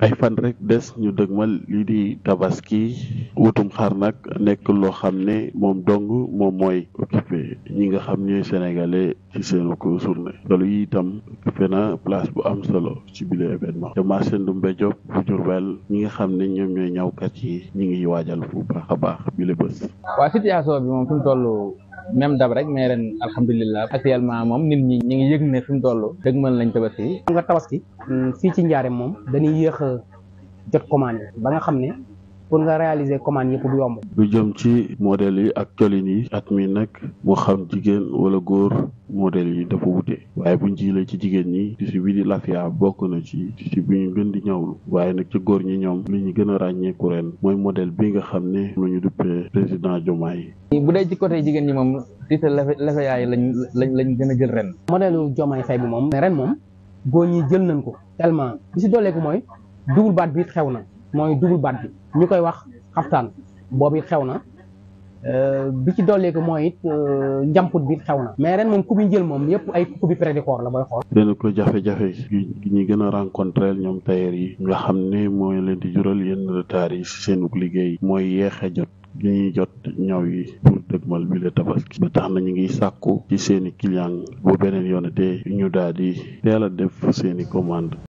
ay fan rek des ñu dëgmal lii di tabaski wutum xar nag nekk loo xam ne moom dong moom mooy occupé ñi nga xam ñooy sénégalais ci seenu ko journée loolu yi itam occupé na place bu am solo ci bile événement te marché Ndoumbé Diop bu Diourbel ñi nga xam ne ñoom ñooy ñawkat yi ñi ngi waajal bu baax a baax bile bés. waa situation bi moom fi mu même dab rek mais ren alhamdulilah actuellement moom nit ñi ñu ngi yëg ne fi mu toll dëgg mën lañ tabaski nga tabaski mm, fii ci njaare moom dañuy yéex a jot commande ba nga xam ne pour nga réaliser commande yëpp du yomb. lu jëm ci modèles yi ak colin yi at mi nag moo xam jigéen wala góor modèles yi dafa wute waaye bu jiilee ci jigéen ñi tissu bi di lafia bokk na ci tissu bi ñu gën di ñawlu waaye nag ci góor ñi ñoom lu ñu gën a ràññeeku ren mooy modèle bi nga xam ne lu ñu duppee président jomaa yi. bu dee ci côté jigéen ñi moom tissu lafia yi lañ lañ lañ gën a jël ren. modèle Diomaye Faye bi moom. ren moom góor ñi jël nañ ko tellement li si dooleeku mooy double bi xew na. mooy double baat bi ñu koy wax xaftaan boobu xew na euh, bi ci ko mooy it euh, njamput bi xew na. mais ren moom ku bi moom yëpp ay ku bi prédicor la booy xool. dana ko jafe-jafe gi ñuy gën a rencontré ñoom tailleur yi nga xam ne mooy leen di jural yenn retard yi si liggéey mooy yeex a jot. gi ñuy jot ñaw yi pour dëgmal bi la tabaski ba tax na ñu ngi sàkku ci seeni client bu beneen te ñu daal di teel a def seeni commande